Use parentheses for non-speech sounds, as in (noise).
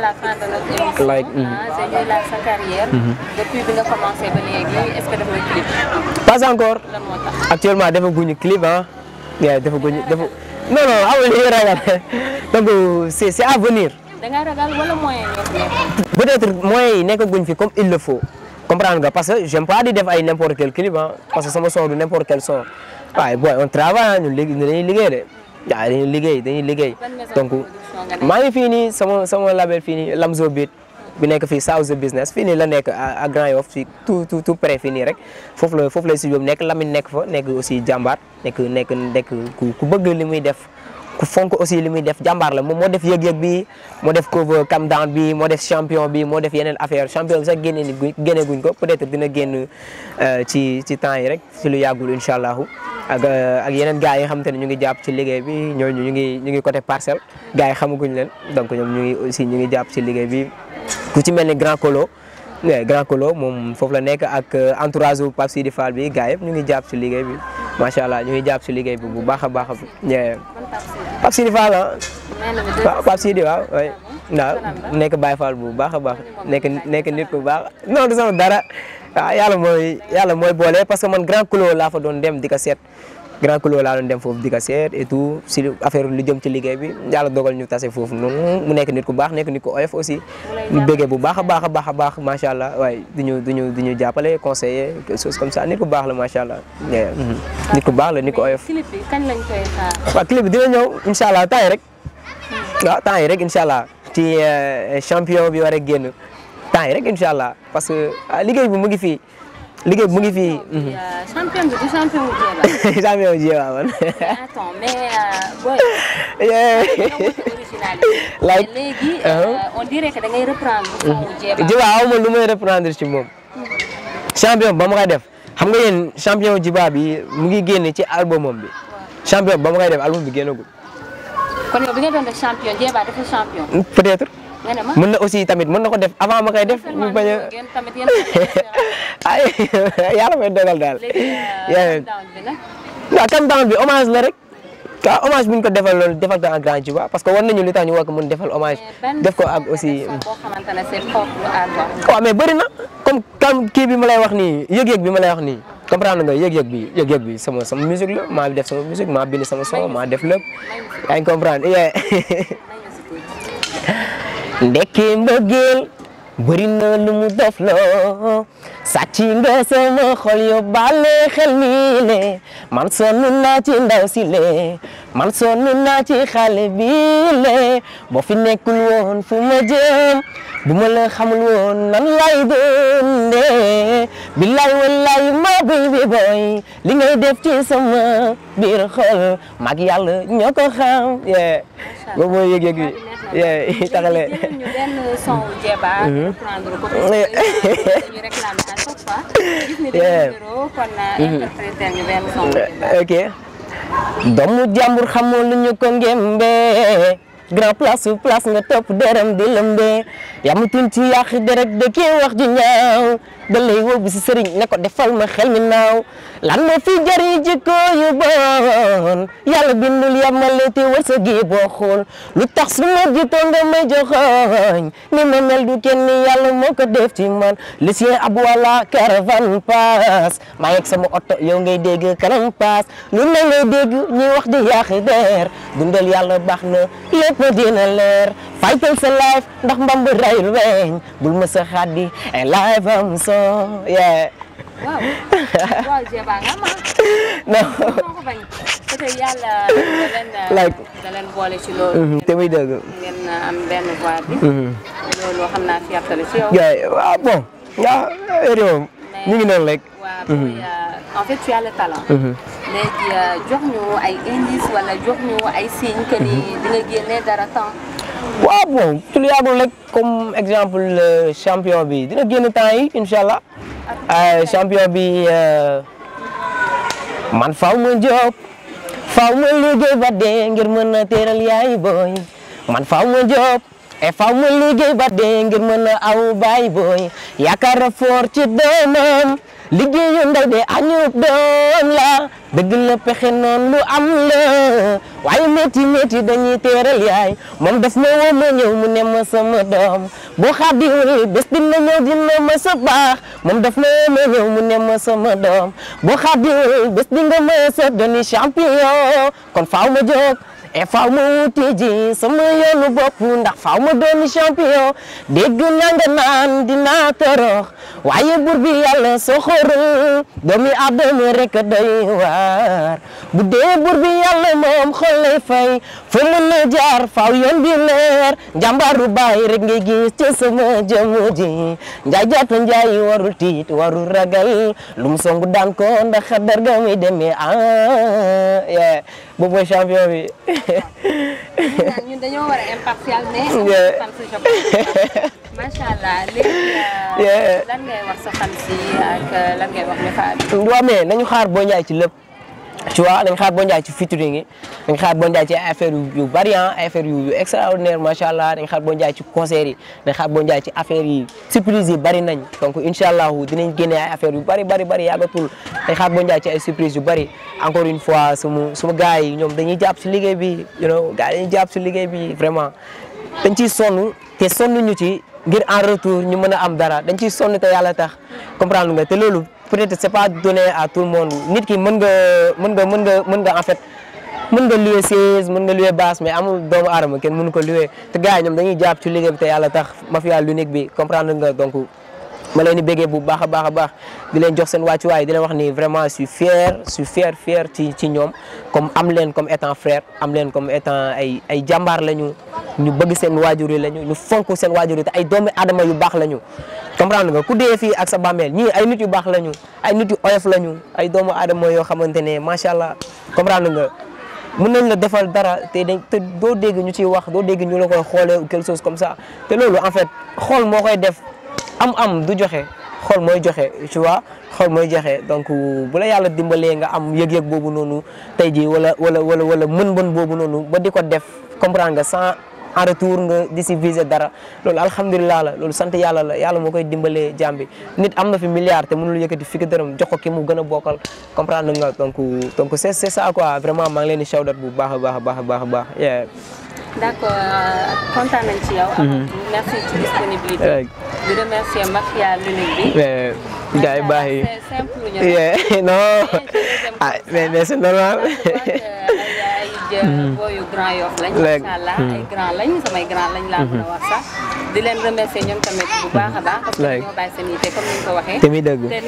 à la fin de notre émission. Mm. Mm-hmm. def nga clip. pas encore. lan moo tax actuellement clip non non amul li ñuy donc c'est c'est à être moyen yi nekkaguñ fi comme il le faut. comprendre nga parce que j'aime pas di def ay n'importe quel clip ah que sama son du n'importe quel son waaye booy on travaille ah ñun liggéey de waaw dañuy liggéey liggéey donc. maa ngi fii nii sama sama label fii nii Lamzo Beat bi nekk fii South business fii nii la nekk a Grand Yoff fii tout tout tout fii nii rek foofu la foofu la studio bi nekk Lamine nekk fa nekk aussi jàmbaar nekk nekk nekk ku bëgg li muy def ku fonk aussi li muy def jàmbaar la moom moo def yëg-yëg bi moo def cover cam bi moo def champion bi moo def yeneen affaire champion bi sax génne ni génne guñ ko peut-être dina génn euh, ci ci temps yi rek si lu yàggul incha allahu ak euh, ak yeneen gars yi xamante ne ñu ngi jàpp ci liggéey bi ñooñu ñu ngi ñu ngi côté parcelle gars yi xamaguñ leen donc ñoom ñu ngi aussi ñu ngi jàpp ci liggéey bi ku ci mel ni grand colo grand colo moom foofu la nekk ak euh, entourage bu Pape Sidi Fall bi gars yëpp ñu ngi jàpp ci liggéey bi macha allah ñu ngi jàpp si liggéey bi bu baax a baax Pape Sidi Fall ah. Pape Sidi waaw oui. waaw nekk Baye Fall bu baax a baax nekk nekk nit ku baax non du sama dara waaw ah, yàlla mooy yàlla mooy boole parce que man grand clos laa fo doon dem di ko seet. grand clos laa doon dem foofu di ko seet et tout si affaire lu jëm ci liggéey bi yàlla dogal ñu tase foofu noonu mu nekk nit ku baax nekk nit ku oyof aussi ñu bëggee bu baax a baax a baax a baax macha allah waaye duñu duñu conseiller comme ça nit ku baax la macha allah mm-hmm. nit ku baax la nit ku oyof clip dina ñëw incha allah yi rek mm-hmm. waaw temps yi rek incha allah euh, champion bi war a génn temps yi rek incha allah a que ah, liggéey bi mu ngi fii liggéey bi mu ngi fii. Euh, champion bi du champion wu jéem a. champion wu aw ma lu may reprendre ci moom. champion ba mu koy def xam nga yéen champion jiba bi mu ngi génne ci albumam bi. champion ba mu koy def album bi génnagul. kon yow bi nga doon def champion jéem a dafa champion. peut-être. mën na aussi tamit mën na ko def avant ma koy def. ñu bañ a (laughs) ay (laughs) yàlla euh, (laughs) bi hommage la rek. waaw hommage bu ñu ko defal loolu defal ko en grand juba parce que war nañu li tax ñu war ko mën defal hommage. def ko ak aussi. Hmm. waaw mais bëri na comme comme kii bi ma lay wax nii yëg-yëg bi ma lay wax nii. comprendre nga yëg-yëg bi yëg bi sama sama musique la maa def sama musique maa sama son maa def lépp yaa ngi ndekkee mbëggeel bëri na lu mu dof loo sàcc nga sama xol yo bàlle xel mi le man sonn naa ci ndaw le man sonn naa ci xale bi le boo fi nekkul woon fu ma bu ma la xamul woon nan lay dundee billaay wallaay ma bi boy li ngay def ci sama biir xol mag yàlla ñoo ko xam boobu mooy yëg-yëg yee (laughs) taxale (laughs) uh-huh. ñu euh, mm-hmm. ok doomu jàmbur xamoo ñu ko ngémbee grand place su place nga topp dërëm di lëmbee yamutuñ ci yàq deret de kii wax ju ñaaw da lay wóobu si sëriñ ne ko de ma xel mi naaw lan moo fi jëriñ jikko yu bon yàlla bindul yamale te wërsëg yi boo lu tax su ma jitoo nga may joxoñ ni ma mel du kenn yàlla moo ko def man li si ab wala caravane paas maa yegg sama oto yow ngay dégg kanam paas lu ne ngay dégg ñuy wax di yàq der dundal yàlla baax na lépp dina leer fightal sa life ndax mbamb ray weñ bul mës a xaddi ay life am so yeah waaw (laughs) waaw Jeeba nga (laughs) mm-hmm. te muy dëgg ngeen uh, am benn mm-hmm. ngi noonu rek mm-hmm. uh, en fait tu mhm. euh, jox ñu ay indice wala jox ñu ay signes que ni mhm. di nga génne dara temps. waaw bon ci lu yàggul rek comme exemple champion bi dina génn temps yi incha allah champion bi euh, man faaw ma jóg faaw ma liggéey ba dee mën a teeral man faaw ma jóg e faaw a aw ci doomam. liggéeyu ndey de añub doon la dëgg la pexe noonu lu am la waaye métti métti yi teeral yaay moom daf ma woo ma ñëw mu ne ma sama doom boo xaadiwul bés dina ñëw dina ma sa baax moom daf ma woo ñëw mu ne ma sama doom boo xaadiwul bes dinga ma sa doni champion kon faaw ma et faw ma wuti ji sama ndax faw ma doon champion dégg naa nga naan dinaa torox waaye bur bi yàlla doomi aadama rek doy bu dee bur bi moom xol fay fa mën a jaar faw yoon bi leer njàmbaaru baay rek ngay gis ci sama ji njaay jaata warul tiit warul ragal lu mu songu daan ko ndax xadar ga muy demee ah boobu mooy champion bi. ñun dañoo war a impartial mais. macha allah léegi. Uh, lan ngay wax sa fan si ak uh, lan ngay wax ne fa. waaw mais nañu xaar Boy Niang ci lépp. tu vois dañ xaar Bon ci featuring yi dañ xaar Bon Ndiaye ci ay affaires yu bari ah, ay affaires yu extraordinaire macha allah dañ xaar Bon ci concert yi dañ xaar Bon ci affaires yi surprise yi bari nañ donc incha allah dinañ génne ay yu bari bari bari yàggatul dañ xaar Bon Ndiaye ci ay surprise yu bari encore une fois sumu sumu gars yi ñoom dañuy jàpp si liggéey bi you know gars dañuy jàpp si liggéey bi vraiment dañ ciy sonn te sonn ñu ci ngir en retour ñu mën a am dara dañ ciy sonn te tax comprendre nga peut-être c'est pas donné à tout le monde nit ki mën nga mën nga mën nga mën nga en fait mën nga louer siège mën nga louer basse mais amul doomu aadama kenn mën ko louer te gars yi ñoom dañuy jàpp ci liggéey bi te yàlla tax mafia l'unique bi comprendre nga donc ma leen ni béggee bu baax a baax a baax di leen jox seen wàccuwaay di leen wax ni vraiment je suis su je suis ci ci ñoom comme am leen comme étant frère am leen comme étant ay ay jàmbaar lañu ñu bëgg seen waajur yi lañu ñu fonk seen waajur yi te ay doomi aadama yu baax lañu comprendre nga ku dee fii ak sa bàmmeel ñii ay nit yu baax lañu ay nit yu oyof lañu ay doomu aadama yoo xamante ne allah comprendre nga mën nañ la defal dara te dañ te doo dégg ñu ci wax doo dégg ñu la koy xoolee quelque chose comme ça te loolu en fait xool moo koy def am-am du joxe xool mooy joxe tu vois xool mooy joxe donc bu la yàlla dimbalee nga am yëg-yëg boobu noonu tey jii en retour nga di si viser dara loolu alhamdulilah la loolu sant yàlla la yàlla moo koy dimbalee jàmm nit am na fi milliard te mënul yëkkati fii dërëm jox ko ki mu gën a bokkal comprendre nga donc donc c' est c' est ça quoi vraiment bu baax a baax a baax a baax a baax. non mais ah, mais c' Hmm. booyu grand yoof lañ macha grand lañ samay grand lañ laa hmm. mën a di leen remercier ñoom tamit bu baax a baax parce que ñoo bàyyi